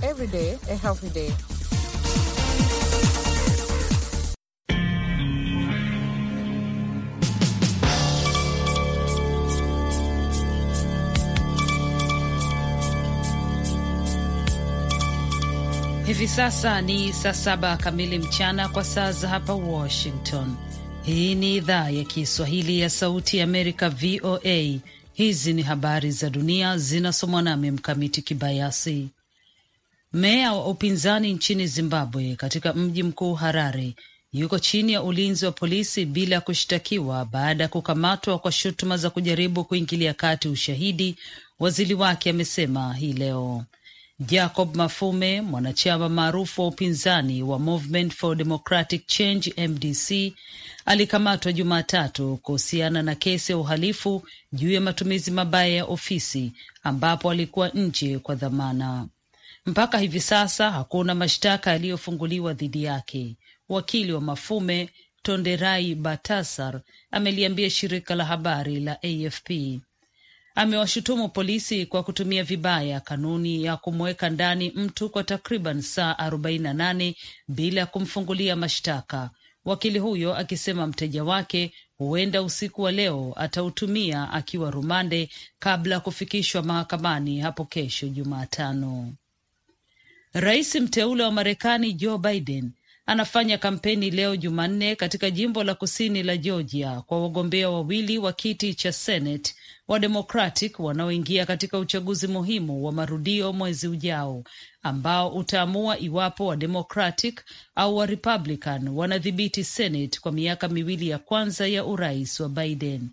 day a healthy day. Hivi sasa ni saa saba kamili mchana kwa saa za hapa Washington. Hii ni idhaa ya Kiswahili ya Sauti ya Amerika, VOA. Hizi ni habari za dunia zinasomwa nami Mkamiti Kibayasi. Meya wa upinzani nchini Zimbabwe katika mji mkuu Harare yuko chini ya ulinzi wa polisi bila kushtakiwa baada ya kukamatwa kwa shutuma za kujaribu kuingilia kati ushahidi, waziri wake amesema hii leo. Jacob Mafume, mwanachama maarufu wa upinzani wa Movement for Democratic Change MDC, alikamatwa Jumatatu kuhusiana na kesi ya uhalifu juu ya matumizi mabaya ya ofisi, ambapo alikuwa nje kwa dhamana. Mpaka hivi sasa hakuna mashtaka yaliyofunguliwa dhidi yake. Wakili wa Mafume Tonderai Batasar ameliambia shirika la habari la AFP amewashutumu polisi kwa kutumia vibaya kanuni ya kumweka ndani mtu kwa takriban saa 48 bila kumfungulia mashtaka, wakili huyo akisema mteja wake huenda usiku wa leo atautumia akiwa rumande kabla ya kufikishwa mahakamani hapo kesho Jumatano. Rais mteule wa Marekani Joe Biden anafanya kampeni leo Jumanne katika jimbo la kusini la Georgia kwa wagombea wawili wa kiti cha Senate wa Democratic wanaoingia katika uchaguzi muhimu wa marudio mwezi ujao ambao utaamua iwapo wa Democratic au wa Republican wanadhibiti Senate kwa miaka miwili ya kwanza ya urais wa Biden.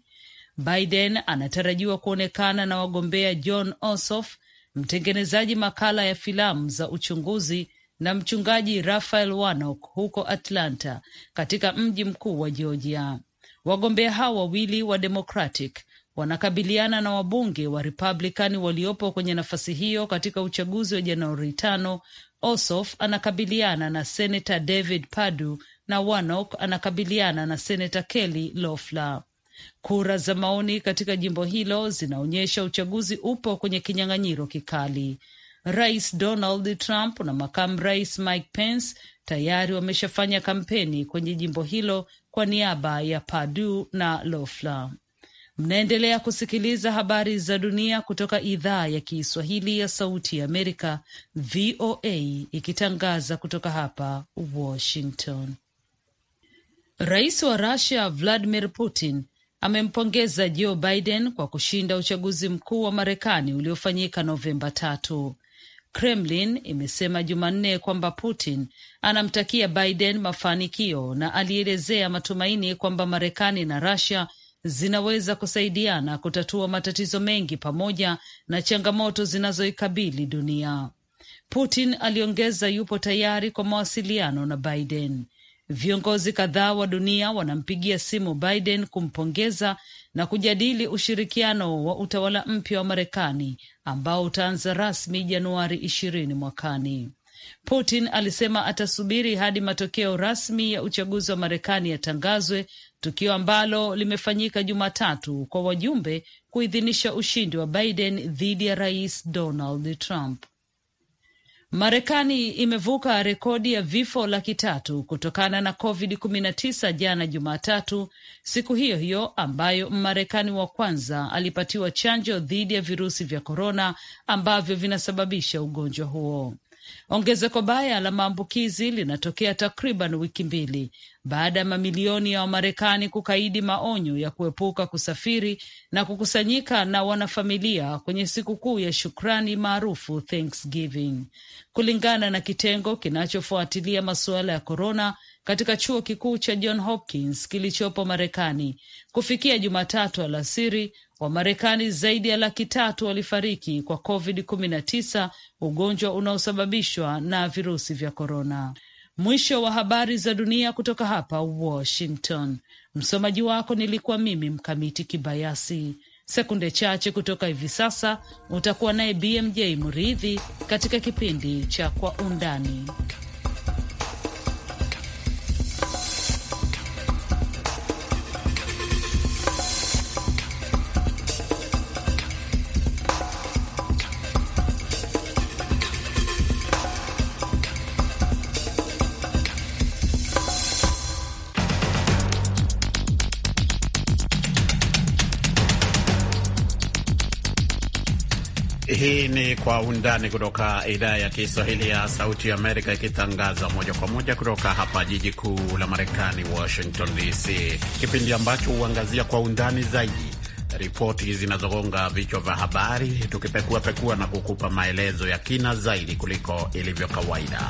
Biden anatarajiwa kuonekana na wagombea John Ossoff mtengenezaji makala ya filamu za uchunguzi na mchungaji rafael wanok huko Atlanta, katika mji mkuu wa Georgia. Wagombea hao wawili wa Democratic wanakabiliana na wabunge wa Republican waliopo kwenye nafasi hiyo katika uchaguzi wa Januari tano. Ossoff anakabiliana na Senator David Padu na wanok anakabiliana na Senator Kelly Loeffler. Kura za maoni katika jimbo hilo zinaonyesha uchaguzi upo kwenye kinyang'anyiro kikali. Rais Donald Trump na makamu rais Mike Pence tayari wameshafanya kampeni kwenye jimbo hilo kwa niaba ya padu na lofla Mnaendelea kusikiliza habari za dunia kutoka idhaa ya Kiswahili ya Sauti ya Amerika, VOA, ikitangaza kutoka hapa Washington. Rais wa rusia Vladimir Putin amempongeza Joe Biden kwa kushinda uchaguzi mkuu wa Marekani uliofanyika Novemba tatu. Kremlin imesema Jumanne kwamba Putin anamtakia Biden mafanikio na alielezea matumaini kwamba Marekani na Russia zinaweza kusaidiana kutatua matatizo mengi pamoja na changamoto zinazoikabili dunia. Putin aliongeza yupo tayari kwa mawasiliano na Biden. Viongozi kadhaa wa dunia wanampigia simu Biden kumpongeza na kujadili ushirikiano wa utawala mpya wa Marekani ambao utaanza rasmi Januari ishirini mwakani. Putin alisema atasubiri hadi matokeo rasmi ya uchaguzi wa Marekani yatangazwe, tukio ambalo limefanyika Jumatatu kwa wajumbe kuidhinisha ushindi wa Biden dhidi ya Rais Donald Trump. Marekani imevuka rekodi ya vifo laki tatu kutokana na COVID-19 jana Jumatatu, siku hiyo hiyo ambayo Mmarekani wa kwanza alipatiwa chanjo dhidi ya virusi vya korona ambavyo vinasababisha ugonjwa huo. Ongezeko baya la maambukizi linatokea takriban wiki mbili baada ya mamilioni ya Wamarekani kukaidi maonyo ya kuepuka kusafiri na kukusanyika na wanafamilia kwenye sikukuu ya shukrani maarufu Thanksgiving, kulingana na kitengo kinachofuatilia masuala ya korona katika chuo kikuu cha John Hopkins kilichopo Marekani. Kufikia Jumatatu alasiri, Wamarekani zaidi ya laki tatu walifariki kwa COVID-19, ugonjwa unaosababishwa na virusi vya korona. Mwisho wa habari za dunia kutoka hapa Washington. Msomaji wako nilikuwa mimi Mkamiti Kibayasi. Sekunde chache kutoka hivi sasa utakuwa naye BMJ Muridhi katika kipindi cha Kwa Undani. undani kutoka idhaa ya Kiswahili ya Sauti Amerika, ikitangaza moja kwa moja kutoka hapa jiji kuu la Marekani, Washington DC, kipindi ambacho huangazia kwa undani zaidi ripoti zinazogonga vichwa vya habari, tukipekuapekua na kukupa maelezo ya kina zaidi kuliko ilivyo kawaida.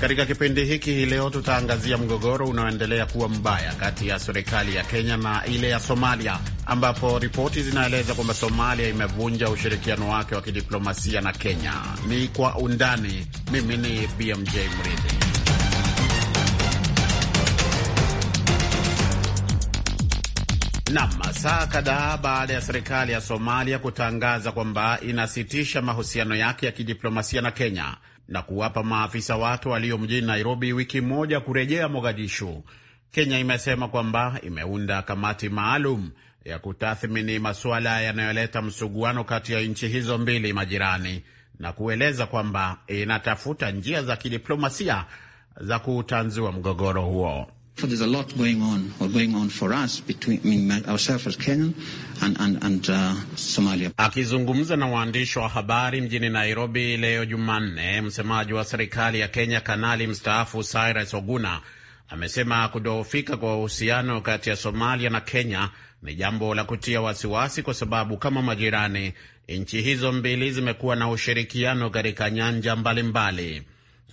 Katika kipindi hiki hii leo tutaangazia mgogoro unaoendelea kuwa mbaya kati ya serikali ya Kenya na ile ya Somalia ambapo ripoti zinaeleza kwamba Somalia imevunja ushirikiano wake wa kidiplomasia na Kenya. Ni kwa undani. Mimi ni BMJ Mridhi. Nam, saa kadhaa baada ya serikali ya Somalia kutangaza kwamba inasitisha mahusiano yake ya kidiplomasia na Kenya na kuwapa maafisa wake walio mjini Nairobi wiki moja kurejea Mogadishu, Kenya imesema kwamba imeunda kamati maalum ya kutathmini masuala yanayoleta msuguano kati ya nchi hizo mbili majirani na kueleza kwamba inatafuta njia za kidiplomasia za kuutanzua mgogoro huo. Uh, Akizungumza na waandishi wa habari mjini Nairobi leo Jumanne, msemaji wa serikali ya Kenya, kanali mstaafu Cyrus Oguna amesema kudhoofika kwa uhusiano kati ya Somalia na Kenya ni jambo la kutia wasiwasi, kwa sababu kama majirani, nchi hizo mbili zimekuwa na ushirikiano katika nyanja mbalimbali mbali.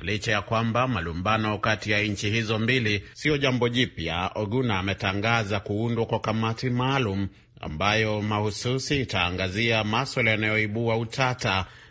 Licha ya kwamba malumbano kati ya nchi hizo mbili siyo jambo jipya, Oguna ametangaza kuundwa kwa kamati maalum ambayo mahususi itaangazia maswala yanayoibua utata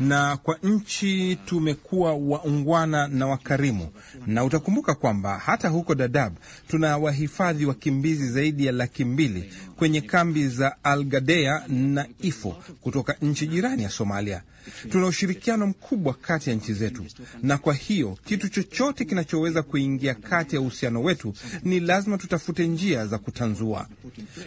na kwa nchi tumekuwa waungwana na wakarimu, na utakumbuka kwamba hata huko dadab tuna wahifadhi wakimbizi zaidi ya laki mbili kwenye kambi za Algadea na Ifo kutoka nchi jirani ya Somalia. Tuna ushirikiano mkubwa kati ya nchi zetu, na kwa hiyo kitu chochote kinachoweza kuingia kati ya uhusiano wetu ni lazima tutafute njia za kutanzua,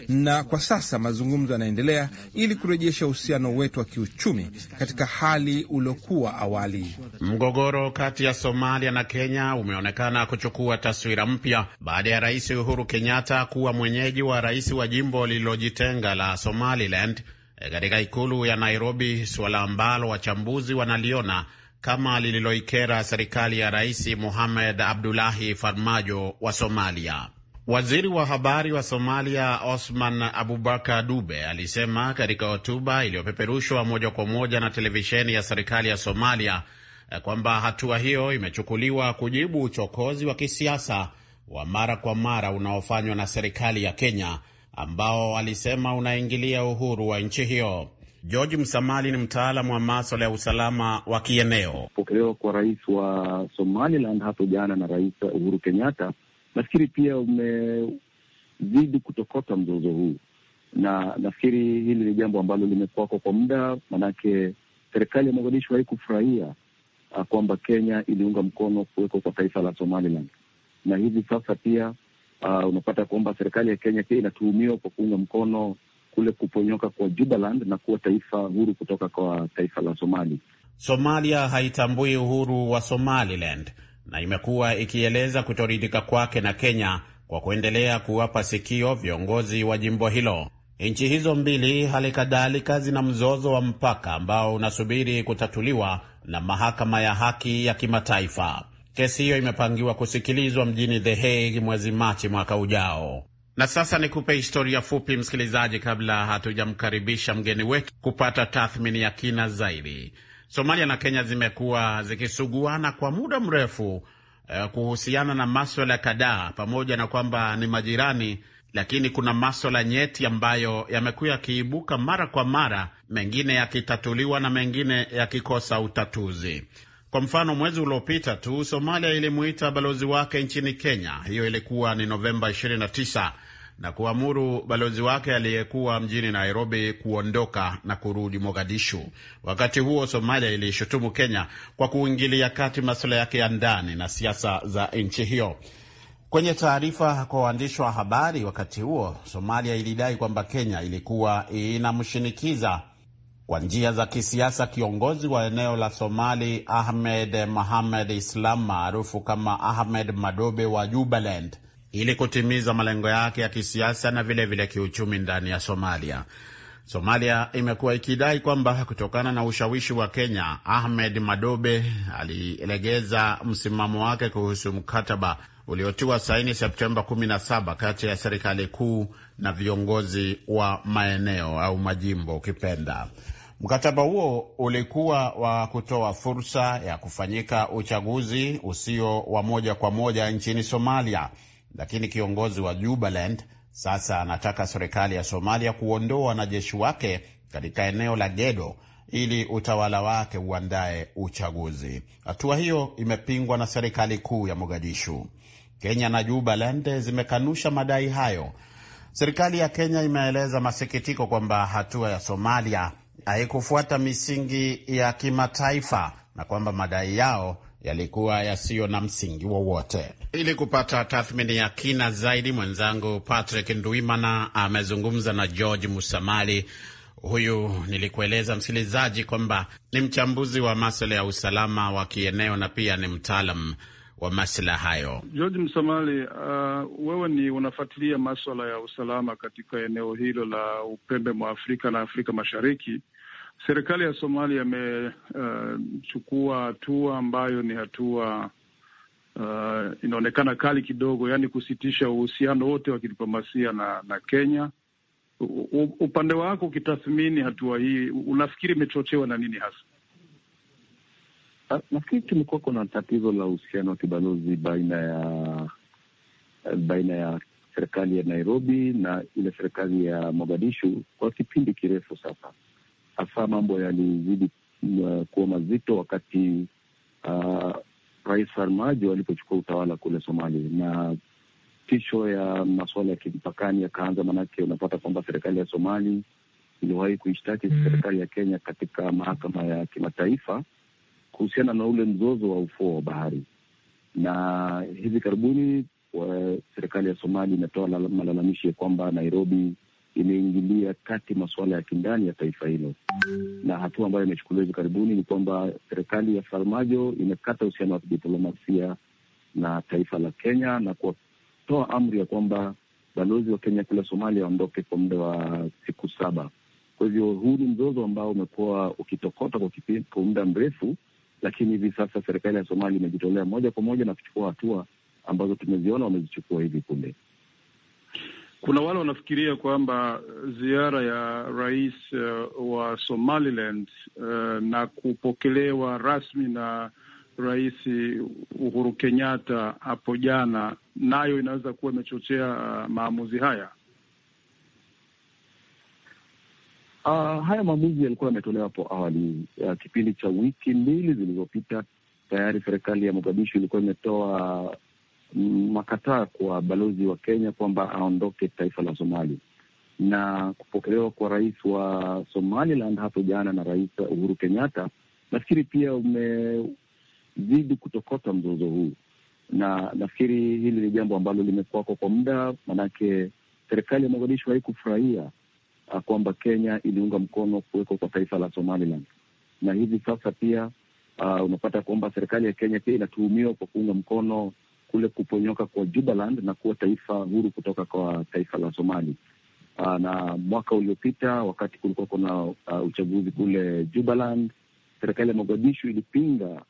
na kwa sasa mazungumzo yanaendelea ili kurejesha uhusiano wetu wa kiuchumi katika hali hali uliokuwa awali. Mgogoro kati ya Somalia na Kenya umeonekana kuchukua taswira mpya baada ya Rais Uhuru Kenyatta kuwa mwenyeji wa rais wa jimbo lililojitenga la Somaliland eh, katika ikulu ya Nairobi, suala ambalo wachambuzi wanaliona kama lililoikera serikali ya Rais Mohamed Abdullahi Farmajo wa Somalia. Waziri wa habari wa Somalia Osman Abubakar Dube alisema katika hotuba iliyopeperushwa moja kwa moja na televisheni ya serikali ya Somalia eh, kwamba hatua hiyo imechukuliwa kujibu uchokozi wa kisiasa wa mara kwa mara unaofanywa na serikali ya Kenya ambao alisema unaingilia uhuru wa nchi hiyo. George Msamali ni mtaalamu wa maswala ya usalama wa kieneo. Pokelewa kwa rais wa Somaliland hapo jana na Rais Uhuru Kenyatta nafikiri pia umezidi kutokota mzozo huu, na nafikiri hili ni jambo ambalo limekuwako kwa muda, manake serikali ya Mogadishu haikufurahia ah, kwamba Kenya iliunga mkono kuwekwa kwa taifa la Somaliland, na hivi sasa pia uh, unapata kwamba serikali ya Kenya pia inatuhumiwa kwa kuunga mkono kule kuponyoka kwa Jubaland na kuwa taifa huru kutoka kwa taifa la Somali. Somalia haitambui uhuru wa Somaliland na imekuwa ikieleza kutoridhika kwake na Kenya kwa kuendelea kuwapa sikio viongozi wa jimbo hilo. Nchi hizo mbili hali kadhalika zina mzozo wa mpaka ambao unasubiri kutatuliwa na mahakama ya haki ya kimataifa. Kesi hiyo imepangiwa kusikilizwa mjini The Hague mwezi Machi mwaka ujao. Na sasa nikupe historia fupi, msikilizaji, kabla hatujamkaribisha mgeni wetu kupata tathmini ya kina zaidi. Somalia na Kenya zimekuwa zikisuguana kwa muda mrefu eh, kuhusiana na maswala kadhaa, pamoja na kwamba ni majirani, lakini kuna maswala nyeti ambayo yamekuwa yakiibuka mara kwa mara, mengine yakitatuliwa na mengine yakikosa utatuzi. Kwa mfano, mwezi uliopita tu Somalia ilimuita balozi wake nchini Kenya, hiyo ilikuwa ni Novemba 29 na kuamuru balozi wake aliyekuwa mjini Nairobi kuondoka na kurudi Mogadishu. Wakati huo, Somalia ilishutumu Kenya kwa kuingilia kati masuala yake ya ndani na siasa za nchi hiyo. Kwenye taarifa kwa waandishi wa habari wakati huo, Somalia ilidai kwamba Kenya ilikuwa inamshinikiza kwa njia za kisiasa kiongozi wa eneo la Somali Ahmed Mohamed Islam maarufu kama Ahmed Madobe wa Jubaland ili kutimiza malengo yake ya kisiasa na vilevile vile kiuchumi ndani ya Somalia. Somalia imekuwa ikidai kwamba kutokana na ushawishi wa Kenya, Ahmed Madobe alilegeza msimamo wake kuhusu mkataba uliotiwa saini Septemba 17 kati ya serikali kuu na viongozi wa maeneo au majimbo ukipenda. Mkataba huo ulikuwa wa kutoa fursa ya kufanyika uchaguzi usio wa moja kwa moja nchini Somalia lakini kiongozi wa Jubaland sasa anataka serikali ya Somalia kuondoa wanajeshi wake katika eneo la Gedo ili utawala wake uandaye uchaguzi. Hatua hiyo imepingwa na serikali kuu ya Mogadishu. Kenya na Jubaland zimekanusha madai hayo. Serikali ya Kenya imeeleza masikitiko kwamba hatua ya Somalia haikufuata misingi ya kimataifa na kwamba madai yao yalikuwa yasiyo na msingi wowote. Ili kupata tathmini ya kina zaidi, mwenzangu Patrick Ndwimana amezungumza na George Musamali. Huyu nilikueleza msikilizaji kwamba ni mchambuzi wa maswala ya usalama wa kieneo na pia ni mtaalam wa masala hayo. George Msamali, uh, wewe ni unafuatilia maswala ya usalama katika eneo hilo la upembe mwa Afrika na Afrika Mashariki. Serikali ya Somalia imechukua uh, hatua ambayo ni hatua uh, inaonekana kali kidogo, yaani kusitisha uhusiano wote wa kidiplomasia na, na Kenya. U, upande wako ukitathmini hatua hii unafikiri imechochewa na nini hasa? Ah, nafikiri kumekuwa kuna tatizo la uhusiano wa kibalozi baina ya baina ya serikali ya Nairobi na ile serikali ya Mogadishu kwa kipindi kirefu sasa hasa mambo yalizidi uh, kuwa mazito wakati uh, Rais Farmajo alipochukua utawala kule somali na tisho ya masuala ya kimpakani yakaanza, manake unapata kwamba serikali ya Somali iliwahi kuishtaki mm, serikali ya Kenya katika mahakama ya kimataifa kuhusiana na ule mzozo wa ufuo wa bahari, na hivi karibuni serikali ya Somali imetoa malalamishi ya kwamba Nairobi imeingilia kati masuala ya kindani ya taifa hilo, na hatua ambayo imechukuliwa hivi karibuni ni kwamba serikali ya Farmajo imekata uhusiano wa kidiplomasia na taifa la Kenya na kutoa amri ya kwamba balozi wa Kenya kule Somalia waondoke kwa muda wa siku saba. Kwa hivyo huu ni mzozo ambao umekuwa ukitokota kwa kwa muda mrefu, lakini hivi sasa serikali ya Somalia imejitolea moja kwa moja na kuchukua hatua ambazo tumeziona wamezichukua hivi punde. Kuna wale wanafikiria kwamba eh, ziara ya rais uh, wa Somaliland uh, na kupokelewa rasmi na Rais Uhuru Kenyatta hapo jana, nayo inaweza kuwa imechochea uh, maamuzi haya. Uh, haya maamuzi yalikuwa yametolewa hapo awali. Uh, kipindi cha wiki mbili zilizopita tayari serikali ya Mogadishu ilikuwa imetoa makataa kwa balozi wa Kenya kwamba aondoke taifa la somali na kupokelewa kwa rais wa Somaliland hapo jana na Rais Uhuru Kenyatta, nafikiri pia umezidi kutokota mzozo huu, na nafikiri hili ni jambo ambalo limekuwako kwa muda, maanake serikali ya Mogadishu haikufurahia ah, kwamba Kenya iliunga mkono kuwekwa kwa taifa la Somaliland, na hivi sasa pia uh, unapata kwamba serikali ya Kenya pia inatuhumiwa kwa kuunga mkono kule kuponyoka kwa Jubaland na kuwa taifa huru kutoka kwa taifa la Somali. Ah, na mwaka uliopita wakati kulikuwa kuna uh, uchaguzi kule Jubaland, serikali ya Mogadishu ilipinga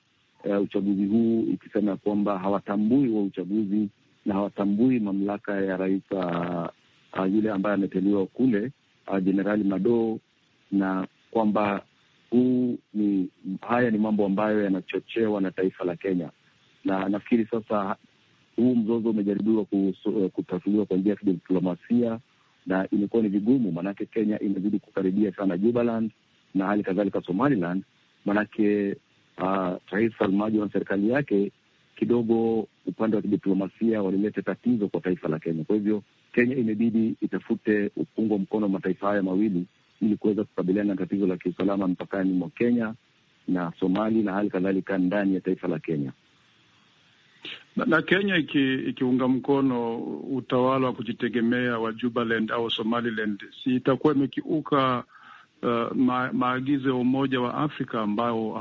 uh, uchaguzi huu ikisema ya kwamba hawatambui wa uchaguzi na hawatambui mamlaka ya rais uh, uh, yule ambaye ameteuliwa kule jenerali uh, na kwamba huu ni haya ni mambo ambayo yanachochewa na taifa la Kenya, na nafikiri sasa huu mzozo umejaribiwa eh, kutatuliwa kwa njia ya kidiplomasia na imekuwa ni vigumu, maanake Kenya imezidi kukaribia sana Jubaland na hali kadhalika Somaliland, maanake uh, ah, Rais Farmajo na serikali yake kidogo upande wa kidiplomasia walileta tatizo kwa taifa la Kenya. Kwa hivyo Kenya imebidi itafute upungwa mkono wa mataifa haya mawili ili kuweza kukabiliana na tatizo la kiusalama mpakani mwa Kenya na Somali na hali kadhalika ndani ya taifa la Kenya na, na Kenya ikiunga iki mkono utawala wa kujitegemea wa Jubaland au Somaliland, si itakuwa imekiuka uh, ma, maagizo ya Umoja wa Afrika ambao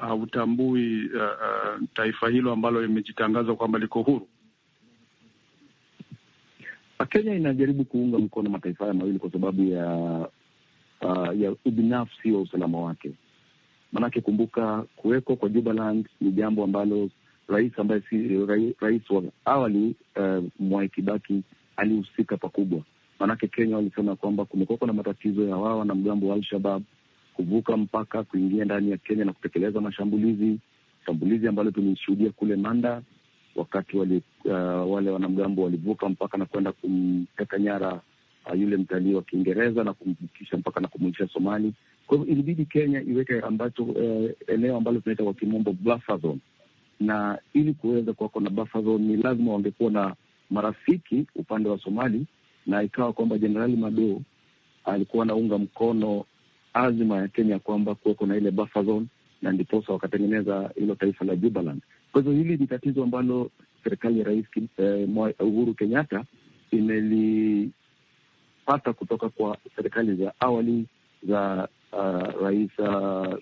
hautambui uh, uh, taifa hilo ambalo limejitangaza kwamba liko huru. Kenya inajaribu kuunga mkono mataifa haya mawili kwa sababu ya uh, ya ubinafsi wa usalama wake. Maanake kumbuka, kuwekwa kwa Jubaland ni jambo ambalo rais ambaye si rais, wa awali uh, Mwai Kibaki alihusika pakubwa. Maanake Kenya walisema kwamba kumekuwa na matatizo ya wao wanamgambo wa Alshabab kuvuka mpaka kuingia ndani ya Kenya na kutekeleza mashambulizi, shambulizi ambalo tulishuhudia kule Manda wakati wali, uh, wale wanamgambo walivuka mpaka na kwenda kumteka nyara uh, yule mtalii wa Kiingereza na kumvukisha mpaka na kumwisha Somali. Kwa hivyo ilibidi Kenya iweke ambacho uh, eneo ambalo tunaita kwa kimombo buffer zone na ili kuweza kuwako na buffer zone ni lazima wangekuwa na marafiki upande wa Somali, na ikawa kwamba Jenerali mado alikuwa anaunga mkono azma ya Kenya kwamba kuweko na ile buffer zone, na ndiposa wakatengeneza hilo taifa la Jubaland. Kwa hivyo hili ni tatizo ambalo serikali ya Rais eh, Uhuru Kenyatta imelipata kutoka kwa serikali za awali za uh, rais uh,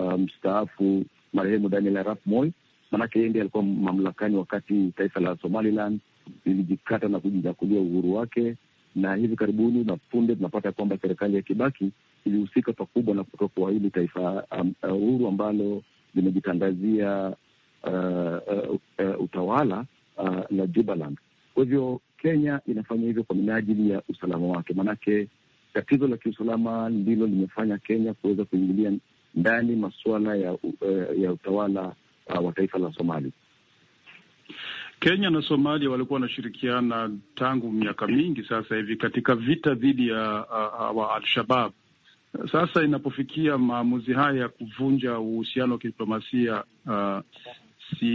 uh, mstaafu marehemu Daniel Arap Moi, manake yeye ndiye alikuwa mamlakani wakati taifa la Somaliland lilijikata na kujinyakulia uhuru wake, na hivi karibuni na punde tunapata kwamba serikali ya Kibaki ilihusika pakubwa na kutoka kwa hili taifa um, uh, uhuru ambalo limejitangazia uh, uh, uh, utawala uh, la Jubaland. Kwa hivyo Kenya inafanya hivyo kwa minajili ya usalama wake, maanake tatizo la kiusalama ndilo limefanya Kenya kuweza kuingilia ndani masuala ya, uh, ya utawala uh, wa taifa la Somali. Kenya na Somalia walikuwa wanashirikiana tangu miaka mingi sasa hivi katika vita dhidi ya ah, ah, wa Al-Shabab. Sasa inapofikia maamuzi haya ya kuvunja uhusiano wa kidiplomasia uh, si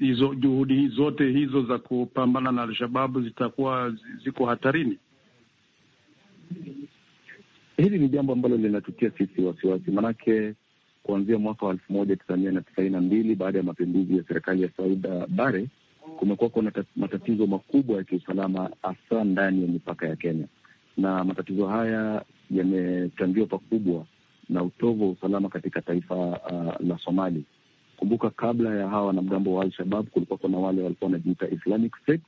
hizo juhudi zote hizo za kupambana na Al-Shababu zitakuwa ziko hatarini? Hili ni jambo ambalo linatutia sisi wasiwasi, manake kuanzia mwaka wa elfu moja tisa mia na tisaini na mbili baada ya mapinduzi ya serikali ya Sauda Bare kumekuwa kuna matatizo makubwa ya kiusalama hasa ndani ya mipaka ya Kenya, na matatizo haya yamechangiwa pakubwa na utovu wa usalama katika taifa uh, la Somali. Kumbuka, kabla ya hawa wanamgambo wa Al-Shabab kulikuwa kuna wale walikuwa wanajiita Islamic State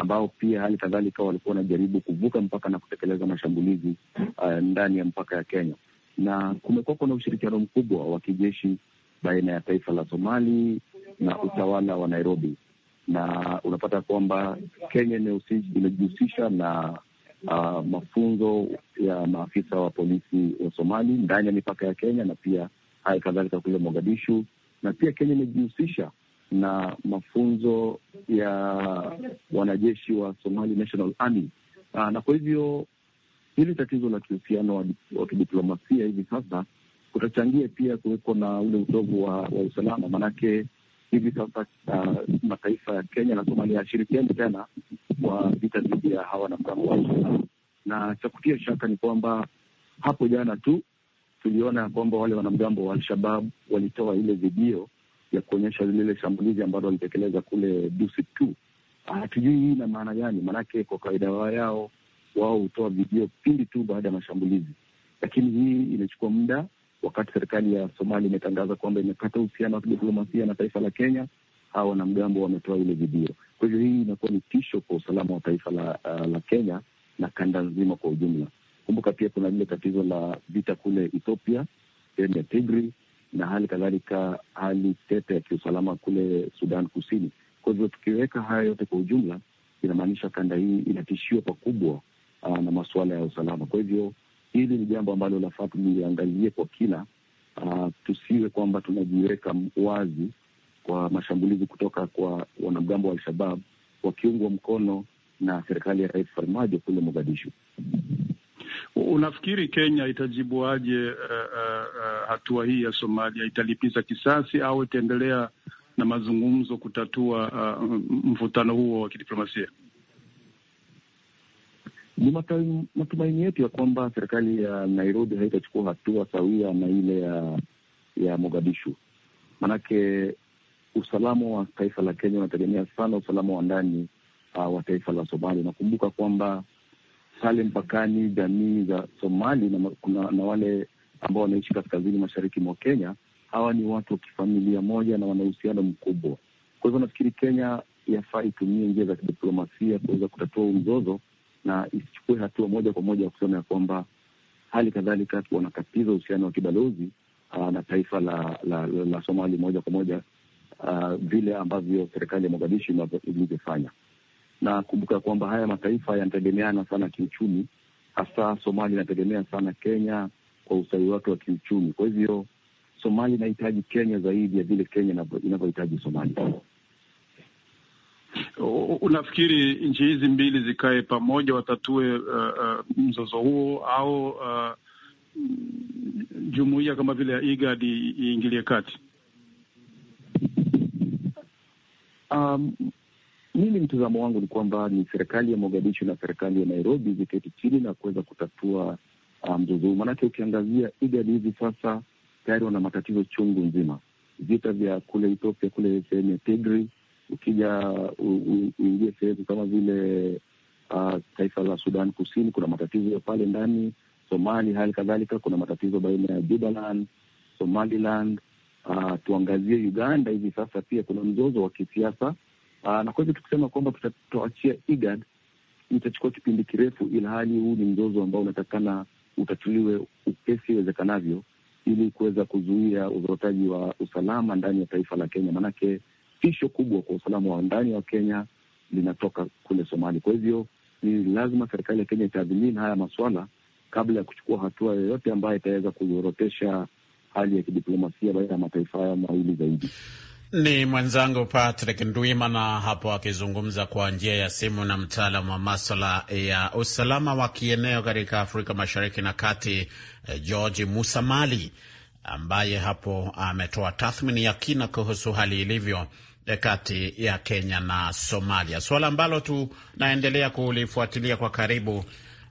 ambao pia hali kadhalika walikuwa wanajaribu kuvuka mpaka na kutekeleza mashambulizi uh, ndani ya mpaka ya Kenya, na kumekuwa kuna ushirikiano mkubwa wa kijeshi baina ya taifa la Somali na utawala wa Nairobi, na unapata kwamba Kenya imejihusisha na uh, mafunzo ya maafisa wa polisi wa Somali ndani ya mipaka ya Kenya na pia hali kadhalika kule Mogadishu, na pia Kenya imejihusisha na mafunzo ya wanajeshi wa Somali National Army. Aa, ah, na kwa hivyo hili tatizo la kihusiano wa kidiplomasia hivi sasa kutachangia pia kuweko na ule udogo wa, wa usalama, maanake hivi sasa uh, mataifa ya Kenya na Somalia yashirikiani tena kwa vita dhidi ya hawa na mgambo wa Islam, na cha kutia shaka ni kwamba hapo jana tu tuliona ya kwamba wale wanamgambo wa Alshabab walitoa ile video ya kuonyesha lile shambulizi ambalo walitekeleza kule Dusit tu. Ah, hatujui hii ina maana gani, maanake kwa kawaida yao wao hutoa video pindi tu baada ya mashambulizi, lakini hii imechukua muda, wakati serikali ya somali imetangaza kwamba imekata uhusiano wa kidiplomasia na taifa la Kenya. Hawa wanamgambo wametoa ile video, kwa hivyo hii inakuwa ni tisho kwa usalama wa taifa la, uh, la Kenya na kanda nzima kwa ujumla. Kumbuka pia kuna lile tatizo la vita kule Ethiopia, sehemu ya Tigri na hali kadhalika hali tete ya kiusalama kule Sudan Kusini. Kwa hivyo tukiweka haya yote kwa ujumla, inamaanisha kanda hii inatishiwa pakubwa ah, na masuala ya usalama. Kwa hivyo hili ni jambo ambalo lafaa tuliangalie kwa kina. Uh, tusiwe kwamba tunajiweka wazi kwa mashambulizi kutoka kwa wanamgambo wa Al-Shabab wakiungwa mkono na serikali ya Rais Farmajo kule Mogadishu. Unafikiri Kenya itajibuaje uh, eh, uh, eh, eh, hatua hii ya Somalia? Italipiza kisasi au itaendelea na mazungumzo kutatua uh, mvutano huo wa kidiplomasia? Ni matumaini yetu ya kwamba serikali ya Nairobi haitachukua hatua sawia na ile ya ya Mogadishu, manake usalama wa taifa la Kenya unategemea sana usalama wa ndani uh, wa taifa la Somalia. Nakumbuka kwamba pale mpakani jamii za Somali na, kuna, na wale ambao wanaishi kaskazini mashariki mwa Kenya. Hawa ni watu wa kifamilia moja na wana uhusiano mkubwa. Kwa hivyo nafikiri Kenya yafaa itumie njia za kidiplomasia kuweza kutatua huu mzozo na isichukue hatua moja kwa moja ya kusema ya kwamba hali kadhalika wanakatiza uhusiano wa kibalozi uh, na taifa la, la, la, la Somali moja kwa moja uh, vile ambavyo serikali ya Mogadishu ilivyofanya na kumbuka kwamba haya mataifa yanategemeana sana kiuchumi, hasa Somalia inategemea sana Kenya kwa ustawi wake wa kiuchumi. Kwa hivyo Somalia inahitaji Kenya zaidi ya vile Kenya inavyohitaji Somalia. Unafikiri nchi hizi mbili zikae pamoja watatue uh, uh, mzozo huo au uh, jumuiya kama vile ya IGAD iingilie kati? Um, mimi mtazamo wangu ni kwamba ni serikali ya Mogadishu na serikali ya Nairobi ziketi chini na kuweza kutatua ah, mzozo huu, maanake ukiangazia IGAD hivi sasa tayari wana matatizo chungu nzima, vita vya kule Ethiopia, kule sehemu ya Tigray, ukija uingie sehemu kama vile Uh, taifa la Sudan Kusini kuna matatizo pale ndani, Somali hali kadhalika kuna matatizo baina ya Jubaland, Somaliland. Uh, tuangazie Uganda hivi sasa pia kuna mzozo wa kisiasa Aa, ah, na kwa hivyo tukisema kwamba tutatuachia IGAD itachukua kipindi kirefu, ila hali huu ni mzozo ambao unatakana utatuliwe upesi iwezekanavyo, ili kuweza kuzuia uzorotaji wa usalama ndani ya taifa la Kenya, maanake tisho kubwa kwa usalama wa ndani wa Kenya linatoka kule Somali. Kwa hivyo ni lazima serikali ya Kenya itaadhimini haya maswala kabla ya kuchukua hatua yoyote ambayo itaweza kuzorotesha hali ya kidiplomasia baina ya mataifa haya mawili zaidi. Ni mwenzangu Patrick Ndwimana hapo akizungumza kwa njia ya simu na mtaalam wa maswala ya usalama wa kieneo katika Afrika Mashariki na Kati, eh, George Musamali, ambaye hapo ametoa tathmini ya kina kuhusu hali ilivyo eh, kati ya Kenya na Somalia, suala ambalo tunaendelea kulifuatilia kwa karibu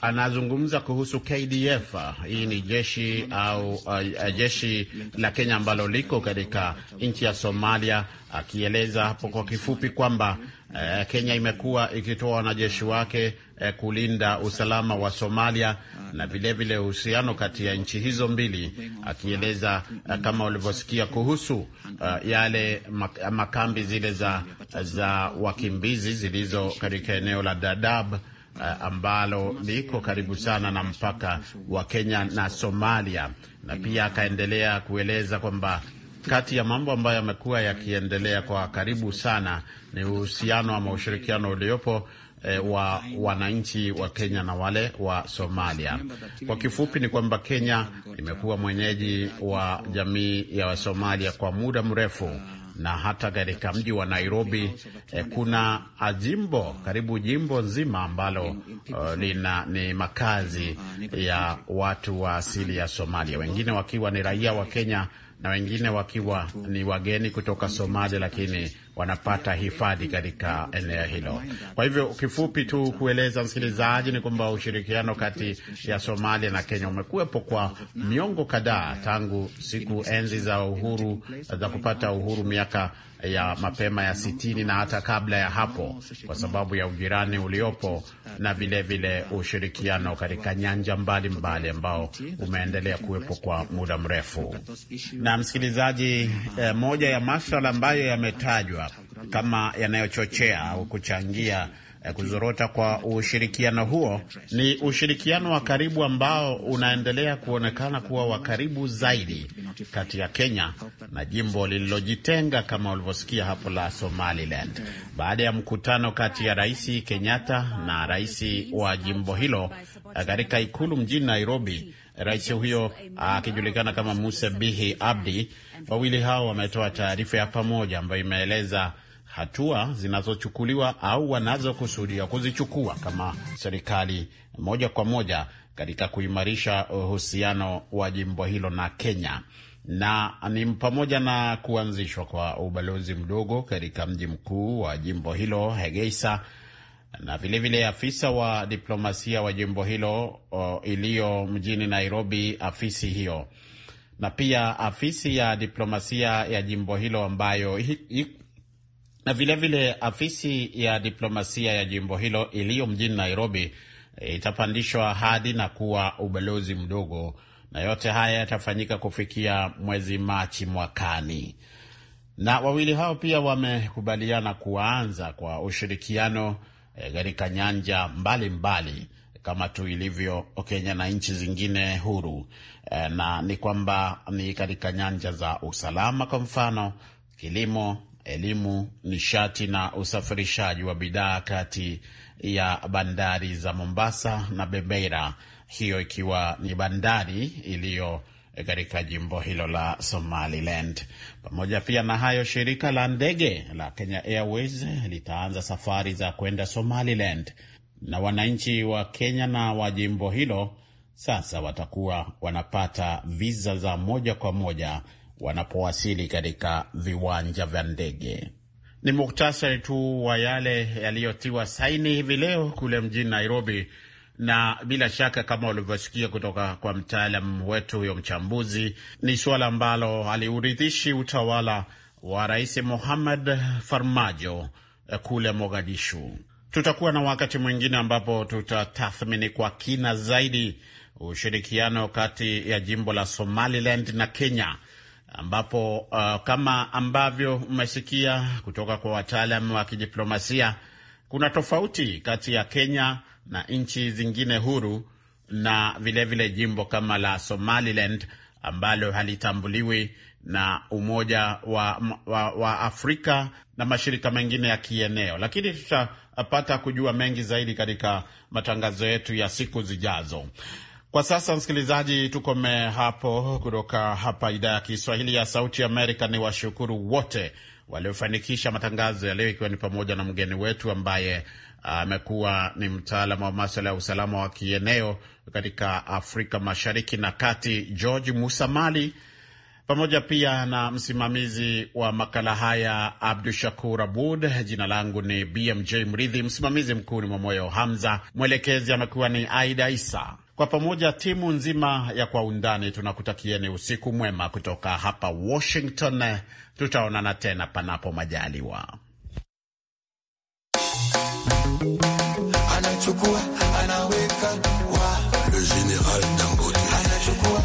anazungumza kuhusu KDF. Hii ni jeshi au uh, uh, jeshi la Kenya ambalo liko katika nchi ya Somalia, akieleza hapo kwa kifupi kwamba uh, Kenya imekuwa ikitoa wanajeshi wake uh, kulinda usalama wa Somalia na vilevile uhusiano kati ya nchi hizo mbili, akieleza uh, kama ulivyosikia kuhusu uh, yale makambi zile za, za wakimbizi zilizo katika eneo la Dadaab uh, ambalo liko karibu sana na mpaka wa Kenya na Somalia, na pia akaendelea kueleza kwamba kati ya mambo ambayo yamekuwa yakiendelea kwa karibu sana ni uhusiano ama ushirikiano uliopo E, wa wananchi wa Kenya na wale wa Somalia. Kwa kifupi ni kwamba Kenya imekuwa mwenyeji wa jamii ya Wasomalia kwa muda mrefu na hata katika mji wa Nairobi eh, kuna jimbo karibu jimbo nzima ambalo uh, lina ni makazi ya watu wa asili ya Somalia, wengine wakiwa ni raia wa Kenya na wengine wakiwa ni wageni kutoka Somalia, lakini wanapata hifadhi katika eneo hilo. Kwa hivyo kifupi tu kueleza msikilizaji ni kwamba ushirikiano kati ya Somalia na Kenya umekuwepo kwa miongo kadhaa tangu siku enzi za uhuru za kupata uhuru miaka ya mapema ya sitini na hata kabla ya hapo, kwa sababu ya ujirani uliopo na vilevile vile ushirikiano katika nyanja mbalimbali mbali ambao umeendelea kuwepo kwa muda mrefu. Na msikilizaji, eh, moja ya maswala ambayo yametajwa kama yanayochochea au kuchangia eh, kuzorota kwa ushirikiano huo. Ni ushirikiano wa karibu ambao unaendelea kuonekana kuwa wa karibu zaidi kati ya Kenya na jimbo lililojitenga kama ulivyosikia hapo la Somaliland, baada ya mkutano kati ya Rais Kenyatta na rais wa jimbo hilo eh, katika ikulu mjini Nairobi. Rais huyo ah, akijulikana kama Musa Bihi Abdi, wawili hao wametoa taarifa ya pamoja ambayo imeeleza hatua zinazochukuliwa au wanazokusudia kuzichukua kama serikali moja kwa moja katika kuimarisha uhusiano wa jimbo hilo na Kenya na ni pamoja na kuanzishwa kwa ubalozi mdogo katika mji mkuu wa jimbo hilo Hegeisa, na vilevile vile afisa wa diplomasia wa jimbo hilo iliyo mjini Nairobi, afisi hiyo na pia afisi ya diplomasia ya jimbo hilo ambayo na vilevile vile afisi ya diplomasia ya jimbo hilo iliyo mjini Nairobi e, itapandishwa hadi na kuwa ubalozi mdogo, na yote haya yatafanyika kufikia mwezi Machi mwakani. Na wawili hao pia wamekubaliana kuanza kwa ushirikiano e, katika e, nyanja mbalimbali mbali, kama tu ilivyo Kenya na nchi zingine huru e, na ni kwamba ni katika nyanja za usalama, kwa mfano kilimo elimu, nishati na usafirishaji wa bidhaa kati ya bandari za Mombasa na Bebeira, hiyo ikiwa ni bandari iliyo eh, katika jimbo hilo la Somaliland. Pamoja pia na hayo, shirika la ndege la Kenya Airways litaanza safari za kwenda Somaliland, na wananchi wa Kenya na wa jimbo hilo sasa watakuwa wanapata viza za moja kwa moja wanapowasili katika viwanja vya ndege. Ni muktasari tu wa yale yaliyotiwa saini hivi leo kule mjini Nairobi, na bila shaka kama ulivyosikia kutoka kwa mtaalamu wetu huyo mchambuzi, ni suala ambalo aliurithishi utawala wa Rais Mohamed Farmajo eh, kule Mogadishu. Tutakuwa na wakati mwingine ambapo tutatathmini kwa kina zaidi ushirikiano kati ya jimbo la Somaliland na Kenya ambapo uh, kama ambavyo umesikia kutoka kwa wataalamu wa kidiplomasia, kuna tofauti kati ya Kenya na nchi zingine huru na vilevile vile jimbo kama la Somaliland ambalo halitambuliwi na Umoja wa, wa, wa Afrika na mashirika mengine ya kieneo, lakini tutapata kujua mengi zaidi katika matangazo yetu ya siku zijazo. Kwa sasa msikilizaji, tukome hapo kutoka hapa idhaa ya Kiswahili ya Sauti Amerika. Ni washukuru wote waliofanikisha matangazo ya leo, ikiwa ni pamoja na mgeni wetu ambaye ah, amekuwa ni mtaalamu wa maswala ya usalama wa kieneo katika Afrika Mashariki na Kati, George Musamali, pamoja pia na msimamizi wa makala haya Abdu Shakur Abud. Jina langu ni BMJ Mridhi, msimamizi mkuu ni Mwamoyo Hamza, mwelekezi amekuwa ni Aida Isa. Kwa pamoja timu nzima ya Kwa Undani tunakutakieni usiku mwema kutoka hapa Washington. Tutaonana tena panapo majaliwa. Anachukua, anaweka, wa, le general Dangote. Anachukua,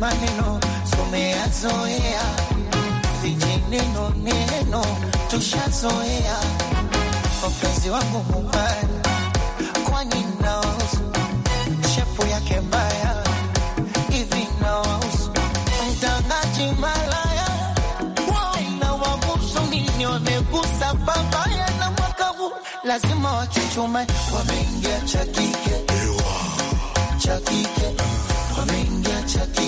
maneno tumeyazoea, vijineno neno tushazoea. Mpenzi wangu mubaya, kwani nawausu shepu yake mbaya hivi, nawausu mtangaji malaya, nawagusu nini? Wamegusa babaya na mwakavu, lazima wachuchume, wameingia cha chakike, cha kike wameingia cha kike